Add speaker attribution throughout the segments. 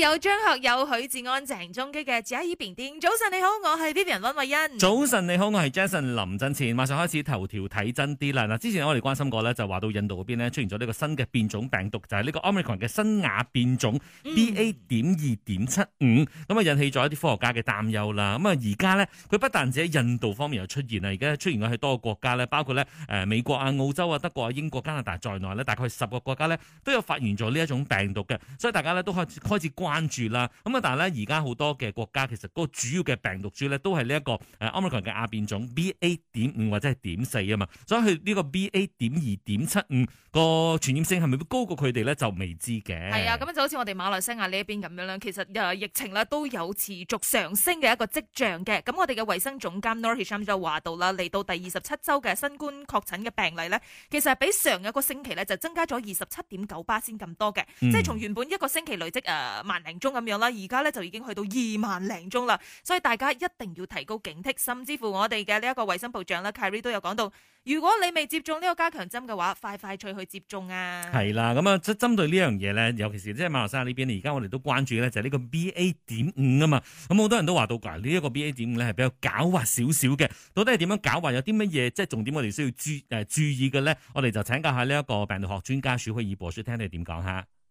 Speaker 1: 有張學友、許志安、鄭中基嘅《紙阿耳片癲》。早晨你好，我係 Vivian 溫慧欣。早
Speaker 2: 晨你好，我係 Jason 林振前。馬上開始頭條睇真啲啦。嗱，之前我哋關心過咧，就話到印度嗰邊咧出現咗呢個新嘅變種病毒，就係、是、呢個 omicron 嘅新亞變種、嗯、BA. 點二點七五，咁啊引起咗一啲科學家嘅擔憂啦。咁啊而家咧，佢不但止喺印度方面又出現啦，而家出現咗喺多個國家咧，包括咧誒美國啊、澳洲啊、德國啊、英國、加拿大在內咧，大概十個國家咧都有發現咗呢一種病毒嘅，所以大家咧都開始開始關。關注啦，咁啊，但係咧，而家好多嘅國家其實嗰個主要嘅病毒株咧，都係呢一個誒，American 嘅亞變種 B. A. 點五或者係點四啊嘛，所以佢呢個 B. A. 點二點七五個傳染性係咪會高過佢哋咧，就未知嘅。係啊，
Speaker 1: 咁就好似我哋馬來西亞呢一邊咁樣啦，其實疫情呢都有持續上升嘅一個跡象嘅。咁我哋嘅衛生總監 Noor Hisham 就話到啦，嚟到第二十七周嘅新冠確診嘅病例咧，其實係比上一個星期咧就增加咗二十七點九巴仙咁多嘅、嗯，即係從原本一個星期累積誒、呃零宗咁樣啦，而家咧就已經去到二萬零宗啦，所以大家一定要提高警惕，甚至乎我哋嘅呢一個衛生部長啦。Kerry 都有講到，如果你未接種呢個加強針嘅話，快快脆去接種啊。
Speaker 2: 係啦，咁啊，針針對呢樣嘢咧，尤其是即係馬來西亞呢邊，而家我哋都關注咧就呢個 BA. 點五啊嘛，咁好多人都話到呢一個 BA. 點五咧係比較狡猾少少嘅，到底係點樣狡猾？有啲乜嘢即係重點？我哋需要注誒注意嘅咧，我哋就請教下呢一個病毒學專家舒克爾博士，聽你點講吓。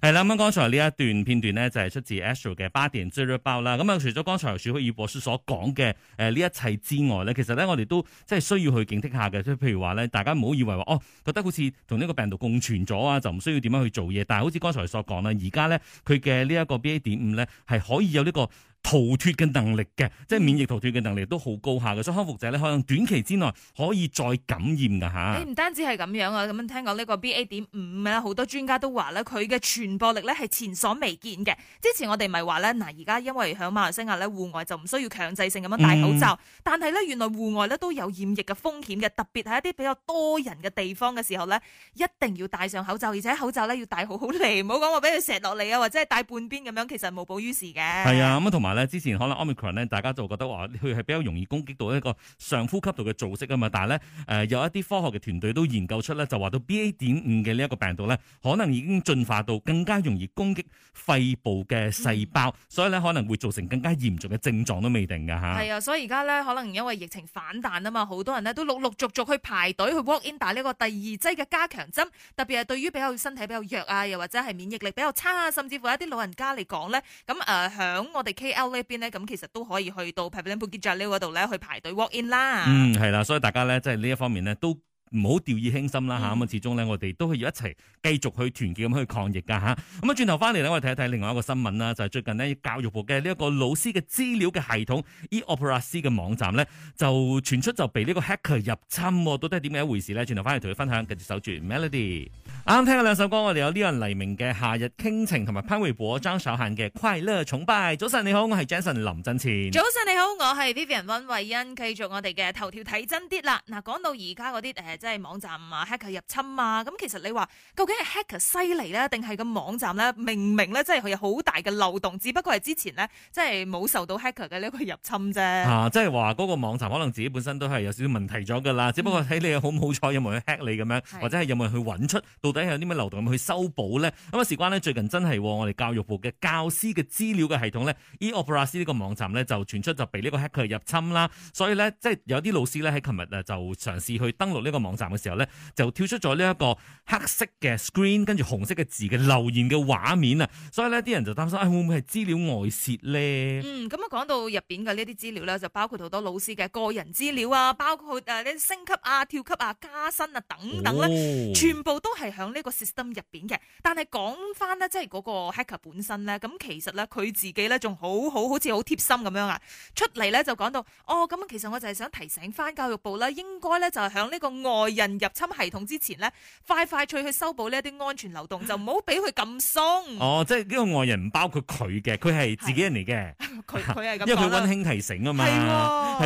Speaker 2: 係啦，咁樣剛才呢一段片段咧，就係、是、出自 Asher 嘅 b i d n e r 包啦。咁啊，除咗剛才舒克爾博士所講嘅誒呢一切之外咧，其實咧我哋都即係需要去警惕下嘅。即係譬如話咧，大家唔好以為話哦，覺得好似同呢個病毒共存咗啊，就唔需要點樣去做嘢。但係好似剛才所講啦，而家咧佢嘅呢一個 B A 點五咧，係可以有呢、這個。逃脫嘅能力嘅，即係免疫逃脫嘅能力都好高下嘅，所以康復者咧可能短期之內可以再感染噶吓。誒、欸，唔
Speaker 1: 單止係咁樣啊，咁樣聽講呢個 BA 點五啊，好多專家都話咧，佢嘅傳播力咧係前所未見嘅。之前我哋咪話咧，嗱，而家因為響馬來西亞咧，戶外就唔需要強制性咁樣戴口罩，嗯、但係咧，原來戶外咧都有染疫嘅風險嘅，特別係一啲比較多人嘅地方嘅時候咧，一定要戴上口罩，而且口罩咧要戴好好嚟，唔好講話俾佢石落嚟啊，或者係戴半邊咁樣，其實係無補於事嘅。係啊，咁
Speaker 2: 同埋。之前可能 Omicron 咧，大家就覺得話佢係比較容易攻擊到一個上呼吸道嘅組織啊嘛，但係咧誒有一啲科學嘅團隊都研究出咧，就話到 BA 點五嘅呢一個病毒咧，可能已經進化到更加容易攻擊肺部嘅細胞，所以咧可能會造成更加嚴重嘅症狀都未定噶吓、嗯。
Speaker 1: 係啊，所以而家咧可能因為疫情反彈啊嘛，好多人呢都陸陸續續去排隊去 walk in 打呢個第二劑嘅加強針，特別係對於比較身體比較弱啊，又或者係免疫力比較差啊，甚至乎一啲老人家嚟講咧，咁誒響我哋 K 呢一邊咧，咁其實都可以去到 Petaling Bukit Jalil 嗰度咧，去排隊 walk in 啦。嗯，
Speaker 2: 係啦，所以大家咧，即係呢一方面咧，都。唔好掉以輕心啦，嚇咁啊！始終咧，我哋都係要一齊繼續去團結咁去抗疫噶嚇。咁啊，轉頭翻嚟咧，我哋睇一睇另外一個新聞啦，就係最近呢，教育部嘅呢一個老師嘅資料嘅系統 e-opera C 嘅網站咧，就傳出就被呢個 Hacker 入侵，到底係點樣一回事咧？轉頭翻嚟同佢分享，繼續守住 Melody。啱啱聽咗兩首歌，我哋有 Leon 黎明嘅《夏日傾情》同埋潘瑋柏張韶涵嘅《快樂崇拜》。早晨你好，我係 Jason 林振前。早
Speaker 1: 晨你好，我係 Vivian, 溫慧恩，繼續我哋嘅《頭條睇真啲》啦。講到而家啲、呃。即係網站啊 hacker 入侵啊，咁其實你話究竟係 hacker 犀利咧，定係個網站咧明明咧，即係佢有好大嘅漏洞，只不過係之前咧，即係冇受到 hacker 嘅呢個入侵啫。啊，
Speaker 2: 即係話嗰個網站可能自己本身都係有少少問題咗噶啦，只不過喺你好唔好彩，有冇人去 hack 你咁樣，或者係有冇人去揾出到底有啲咩漏洞咁去修補咧？咁啊事關呢，最近真係我哋教育部嘅教師嘅資料嘅系統咧，e-Operas 呢個網站咧就傳出就被呢個 hacker 入侵啦，所以咧即係有啲老師咧喺琴日誒就嘗試去登錄呢個網站。網站嘅時候咧，就跳出咗呢一個黑色嘅 screen，跟住紅色嘅字嘅留言嘅畫面啊，所以呢啲人就擔心，哎、會唔會係資料外泄咧？嗯，
Speaker 1: 咁啊，講到入邊嘅呢啲資料咧，就包括好多老師嘅個人資料啊，包括誒升級啊、跳級啊、加薪啊等等咧，oh. 全部都係響呢個 system 入邊嘅。但係講翻呢，即係嗰個 hacker 本身咧，咁其實咧佢自己咧仲好好好似好貼心咁樣啊，出嚟咧就講到，哦，咁其實我就係想提醒翻教育部啦，應該咧就係響呢個外。外人入侵系統之前咧，快快脆去修補呢一啲安全漏洞，就唔好俾佢咁鬆
Speaker 2: 哦，即係呢個外人唔包括佢嘅，佢係自己人嚟嘅。佢佢係因為佢温馨提醒啊嘛，係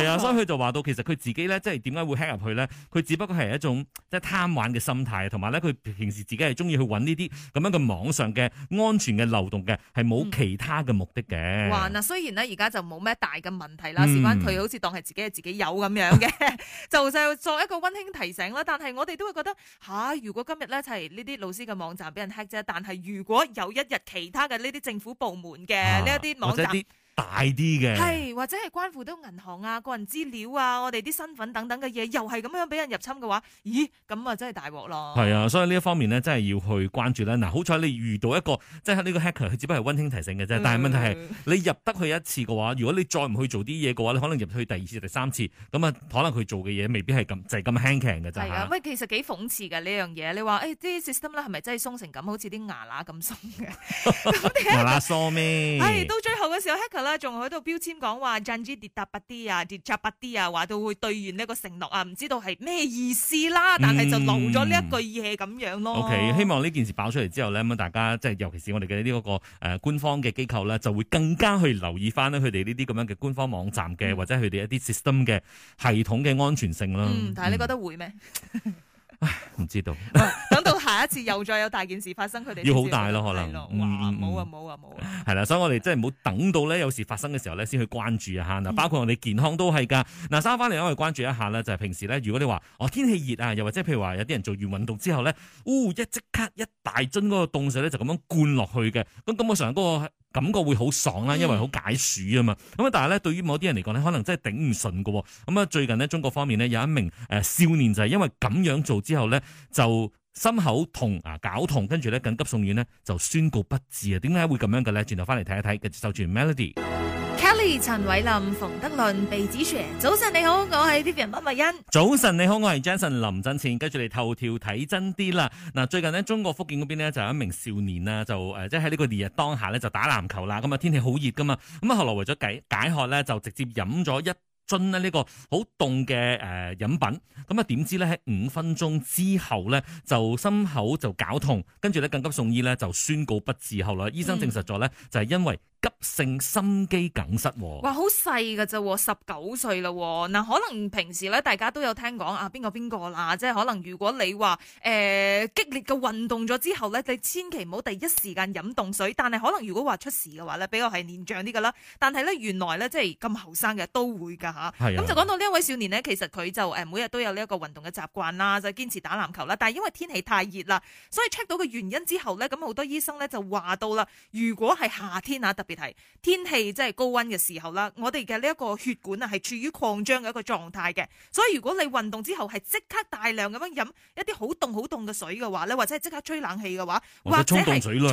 Speaker 2: 啊,啊，所以佢就話到其實佢自己咧，即係點解會 hack 入去咧？佢只不過係一種即係貪玩嘅心態，同埋咧佢平時自己係中意去揾呢啲咁樣嘅網上嘅安全嘅漏洞嘅，係冇其他嘅目的嘅。哇、嗯！嗱、嗯，
Speaker 1: 雖然咧而家就冇咩大嘅問題啦，事關佢好似當係自己係自己有咁樣嘅，嗯、 就就作一個温馨提醒。但係我哋都會覺得吓、啊，如果今日呢就係呢啲老師嘅網站俾人 hack 啫，但係如果有一日其他嘅呢啲政府部門嘅呢一啲網站。啊
Speaker 2: 大啲嘅，係
Speaker 1: 或者係關乎到銀行啊、個人資料啊、我哋啲身份等等嘅嘢，又係咁樣俾人入侵嘅話，咦？咁啊真係大鑊咯！
Speaker 2: 係啊，所以呢一方面呢，真係要去關注啦。嗱、啊，好彩你遇到一個即係呢個 hacker 佢只不過係溫馨提醒嘅啫、嗯。但係問題係你入得去一次嘅話，如果你再唔去做啲嘢嘅話，你可能入得去第二次、第三次，咁啊可能佢做嘅嘢未必係咁就係咁輕輕嘅咋？喂、
Speaker 1: 啊，其實幾諷刺嘅呢樣嘢。你話誒啲 system 啦，係咪真係鬆成咁，好似啲牙乸咁鬆嘅？
Speaker 2: 牙乸咩？到
Speaker 1: 最後嘅時候，hacker 仲喺度標籤講話，震指跌七八啲啊，跌七八啲啊，話到會兌現呢個承諾啊，唔知道係咩意思啦。但係就漏咗呢一句嘢咁樣咯、嗯。OK，希
Speaker 2: 望呢件事爆出嚟之後咧，咁大家即係尤其是我哋嘅呢一個誒官方嘅機構咧，就會更加去留意翻咧佢哋呢啲咁樣嘅官方網站嘅或者佢哋一啲 system 嘅系統嘅安全性啦、嗯。嗯，但係你
Speaker 1: 覺得會咩？
Speaker 2: 唔知道 ，
Speaker 1: 等到下一次又再有大件事發生，佢 哋要好大咯，可能，
Speaker 2: 冇啊冇啊冇啊，係啦、啊啊啊，所以我哋真係唔好等到咧，有事發生嘅時候咧，先去關注一下。嗱、嗯，包括我哋健康都係噶，嗱，收翻嚟我哋關注一下咧，就係、是、平時咧，如果你話哦天氣熱啊，又或者譬如話有啲人做完運動之後咧，嗚一即刻一大樽嗰個凍水咧就咁樣灌落去嘅，咁咁我上嗰個。感覺會好爽啦，因為好解暑啊嘛。咁、嗯、啊，但係咧，對於某啲人嚟講咧，可能真係頂唔順嘅。咁啊，最近呢，中國方面呢有一名誒少年就係因為咁樣做之後咧，就心口痛啊，絞痛，跟住咧緊急送院咧就宣告不治啊。點解會咁樣嘅咧？轉頭翻嚟睇一睇嘅，就住 Melody。
Speaker 1: Kelly、陳偉林、馮德倫被子說：，早晨你好，我係 Pepin 溫柏欣。
Speaker 2: 早晨你好，我係 Jason 林振前。跟住嚟頭條睇真啲啦。嗱，最近咧，中國福建嗰邊呢，就有一名少年啦，就誒，即係喺呢個烈日當下咧就打籃球啦。咁啊，天氣好熱噶嘛。咁啊，後來為咗解解渴咧，就直接飲咗一樽呢呢個好凍嘅誒飲品。咁啊，點知咧喺五分鐘之後咧就心口就絞痛，跟住咧緊急送醫咧就宣告不治。後來醫生證實咗咧、嗯、就係、是、因為。急性心肌梗塞喎、哦，哇，
Speaker 1: 好細噶啫，十九歲啦，嗱，可能平時咧，大家都有聽講啊，邊個邊個啦，即係可能如果你話誒、呃、激烈嘅運動咗之後咧，你千祈唔好第一時間飲凍水，但係可能如果話出事嘅話咧，比較係年長啲噶啦，但係咧原來咧即係咁後生嘅都會噶吓，咁就講到呢一位少年呢，其實佢就誒每日都有呢一個運動嘅習慣啦，就堅持打籃球啦，但係因為天氣太熱啦，所以 check 到個原因之後咧，咁好多醫生咧就話到啦，如果係夏天啊特。別係天氣即係高溫嘅時候啦，我哋嘅呢一個血管啊係處於擴張嘅一個狀態嘅，所以如果你運動之後係即刻大量咁樣飲一啲好凍好凍嘅水嘅話咧，或者係即刻吹冷氣嘅話，或者係沖凍水涼，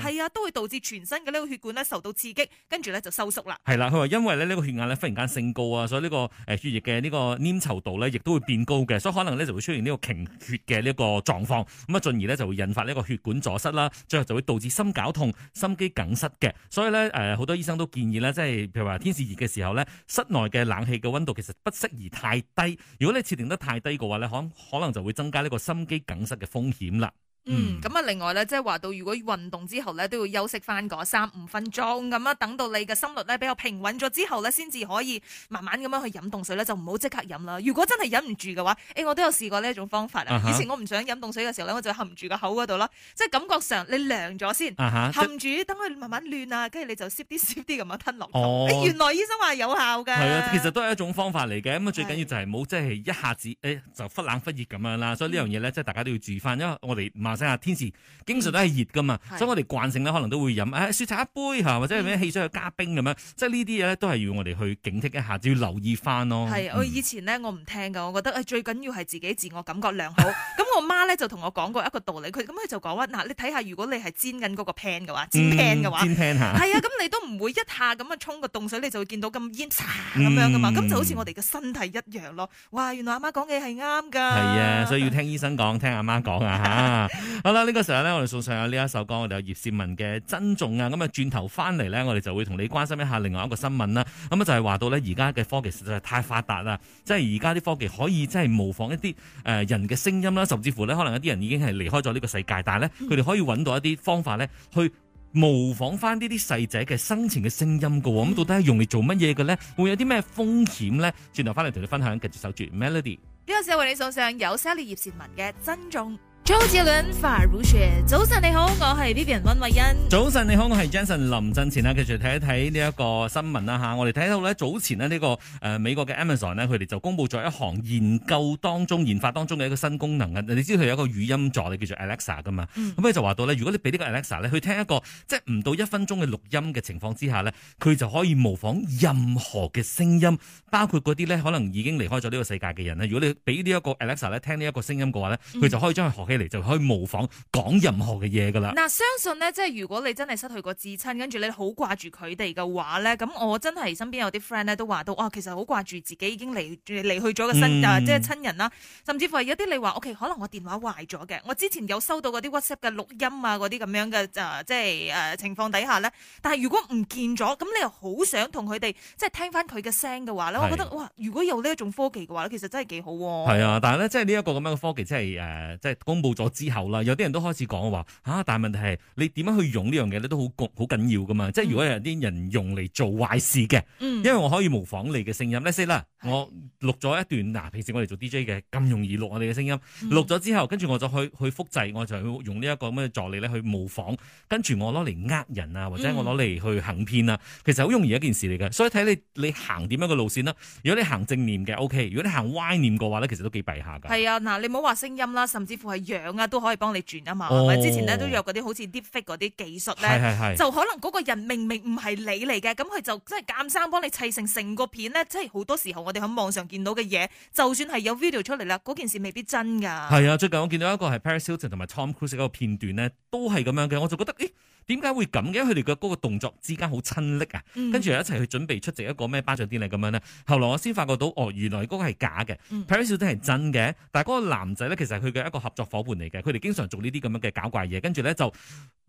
Speaker 1: 係啊，啊，都會導致全身嘅呢個血管咧受到刺激，跟住咧就收縮啦。
Speaker 2: 係啦，佢話因為咧呢個血壓咧忽然間升高啊，所以呢個誒血液嘅呢個黏稠度咧亦都會變高嘅，所以可能咧就會出現呢個凝血嘅呢個狀況，咁啊進而咧就會引發呢個血管阻塞啦，最後就會導致心絞痛、心肌梗塞嘅。所以咧，呃好多醫生都建議咧，即係譬如話天時熱嘅時候咧，室內嘅冷氣嘅溫度其實不適宜太低。如果你設定得太低嘅話咧，可可能就會增加呢個心肌梗塞嘅風險啦。
Speaker 1: 嗯，咁啊，另外咧，即係話到，如果運動之後咧，都要休息翻嗰三五分鐘咁啊，等到你嘅心率咧比較平穩咗之後咧，先至可以慢慢咁樣去飲凍水咧，就唔好即刻飲啦。如果真係忍唔住嘅話，誒、欸，我都有試過呢一種方法啊。以前我唔想飲凍水嘅時候咧，我就含住個口嗰度啦，即係感覺上你涼咗先涼，含住等佢慢慢暖啊，跟住你就啜啲啜啲咁啊吞落肚。哦，原來醫生話有效嘅。係啊，其
Speaker 2: 實都係一種方法嚟嘅。咁啊，最緊要就係唔好即係一下子誒就忽冷忽熱咁樣啦。所以呢樣嘢咧，即係大家都要注意翻，因為我哋即係天時，經常都係熱噶嘛，所以我哋慣性咧可能都會飲，誒雪茶一杯吓，或者係咩汽水去加冰咁樣，即係呢啲嘢咧都係要我哋去警惕一下，要留意翻咯。係我以
Speaker 1: 前咧，我唔聽噶，我覺得誒最緊要係自己自我感覺良好。咁我媽咧就同我講過一個道理，佢咁佢就講話嗱，你睇下如果你係煎緊嗰個 pan 嘅話，煎 pan 嘅話，煎 pan 吓，係啊，咁你都唔會一下咁樣沖個凍水，你就會見到咁煙，咁樣噶嘛，咁就好似我哋嘅身體一樣咯。哇，原來阿媽講嘅係啱噶，係啊，
Speaker 2: 所以要聽醫生講，聽阿媽講啊吓。好啦，呢、這個時候咧，我哋送上呢一首歌，我哋有葉倩文嘅《珍重》啊。咁啊，轉頭翻嚟咧，我哋就會同你關心一下另外一個新聞啦。咁啊，嗯、就係、是、話到咧，而家嘅科技實在太發達啦。即係而家啲科技可以真係模仿一啲誒、呃、人嘅聲音啦、啊，甚至乎呢，可能有啲人已經係離開咗呢個世界，但係咧，佢哋可以搵到一啲方法咧，去模仿翻呢啲逝者嘅生前嘅聲音噶、啊。咁、嗯嗯、到底係用嚟做乜嘢嘅咧？會有啲咩風險咧？轉頭翻嚟同你分享，繼續守住 Melody。呢、
Speaker 1: 這個時候為你送上有 Sally 葉倩文嘅《珍重》。周杰倫法
Speaker 2: 如雪，早晨你好，我係 B B 人溫慧欣。早晨你好，我係 Jensen。臨瞓前啦，繼續睇一睇呢一個新聞啦吓。我哋睇到咧，早前咧呢個誒美國嘅 Amazon 咧，佢哋就公布咗一項研究當中研發當中嘅一個新功能啊。你知道佢有一個語音助理叫做 Alexa 噶嘛？咁佢就話到咧，如果你俾呢個 Alexa 咧，去聽一個即係唔到一分鐘嘅錄音嘅情況之下咧，佢就可以模仿任何嘅聲音，包括嗰啲咧可能已經離開咗呢個世界嘅人咧。如果你俾呢一個 Alexa 咧聽呢一個聲音嘅話咧，佢就可以將佢嚟就可以模仿講任何嘅嘢噶啦。嗱，
Speaker 1: 相信呢，即係如果你真係失去過至親，跟住你好掛住佢哋嘅話咧，咁我真係身邊有啲 friend 咧都話到啊，其實好掛住自己已經離離去咗嘅身，即係親人啦。甚至乎係有啲你話，OK，可能我電話壞咗嘅，我之前有收到嗰啲 WhatsApp 嘅錄音啊，嗰啲咁樣嘅、呃、即係誒、呃、情況底下咧。但係如果唔見咗，咁你又好想同佢哋即係聽翻佢嘅聲嘅話咧，我覺得哇，如果有呢一種科技嘅話咧，其實真係幾好的。係
Speaker 2: 啊，但係咧，即係呢一個咁樣嘅科技，即係誒、呃，即係公。到咗之後啦，有啲人都開始講話吓，但問題係你點樣去用呢樣嘢？咧，都好焗好緊要噶嘛即係如果有啲人用嚟做壞事嘅、嗯，因為我可以模仿你嘅聲音，你先啦，我錄咗一段嗱，平時我哋做 D J 嘅咁容易錄我哋嘅聲音，錄、嗯、咗之後，跟住我就去去複製，我就用呢一個咁嘅助理咧去模仿，跟住我攞嚟呃人啊，或者我攞嚟去行騙啊、嗯，其實好容易一件事嚟嘅，所以睇你你行點樣嘅路線啦。如果你行正念嘅 O K，如果你行歪念嘅話咧，其實都幾弊下噶
Speaker 1: 係啊，嗱，你唔好話聲音啦，甚至乎係。樣啊都可以幫你轉啊嘛，係咪？之前咧都有嗰啲好似 deepfake 嗰啲技術咧，係係係就可能嗰個人明明唔係你嚟嘅，咁佢就真係奸生幫你砌成成個片咧，真係好多時候我哋喺網上見到嘅嘢，就算係有 video 出嚟啦，嗰件事未必真噶。
Speaker 2: 係啊，最近我見到一個係 Paris Hilton 同埋 Tom Cruise 嗰個片段咧，都係咁樣嘅，我就覺得誒。咦點解會咁嘅？因為佢哋嘅嗰個動作之間好親暱啊，跟、嗯、住又一齊去準備出席一個咩頒獎典禮咁樣咧。後來我先發覺到，哦，原來嗰個係假嘅，Paris Hilton 係真嘅。但嗰個男仔咧，其實係佢嘅一個合作伙伴嚟嘅。佢哋經常做呢啲咁樣嘅搞怪嘢，跟住咧就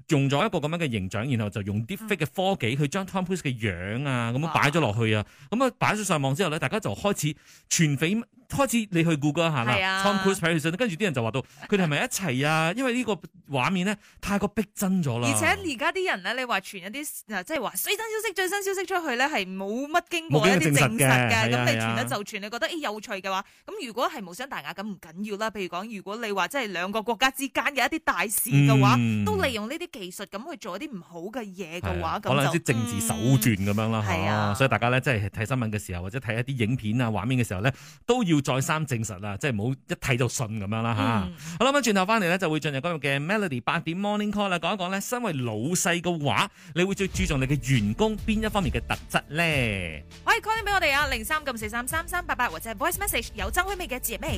Speaker 2: 用咗一個咁樣嘅形象，然後就用啲 fake 嘅科技去將 Tom Cruise 嘅樣啊咁樣擺咗落去啊，咁啊擺咗上網之後咧，大家就開始傳匪。開始你去 Google 下啦，啊，Tom Cruise，跟住啲人就話到佢哋係咪一齊啊？ 因為呢個畫面咧太過逼真咗啦。而且而
Speaker 1: 家啲人咧，你話傳一啲即係話最新消息，最新消息出去咧，係冇乜經過一啲證實嘅，咁、啊、你傳得就傳，啊就傳啊，你覺得有趣嘅話，咁如果係無傷大雅咁唔緊要啦。譬如講，如果你話即係兩個國家之間嘅一啲大事嘅話、嗯，都利用呢啲技術咁去做一啲唔好嘅嘢嘅話，咁、啊、能啲政治手
Speaker 2: 段咁樣啦。係啊，啊，所以大家咧，即係睇新聞嘅時候，或者睇一啲影片啊畫面嘅時候咧，都要會再三證實啦，即係唔好一睇就信咁樣啦吓。好啦，咁轉頭翻嚟咧，就會進入今日嘅 Melody 八點 Morning Call 啦，講一講咧，身為老細嘅話，你會最注重你嘅員工邊一方面嘅特質咧？
Speaker 1: 可以 call 俾我哋啊，零三九四三三三八八或者 Voice Message 有周威味嘅接咩？Hi,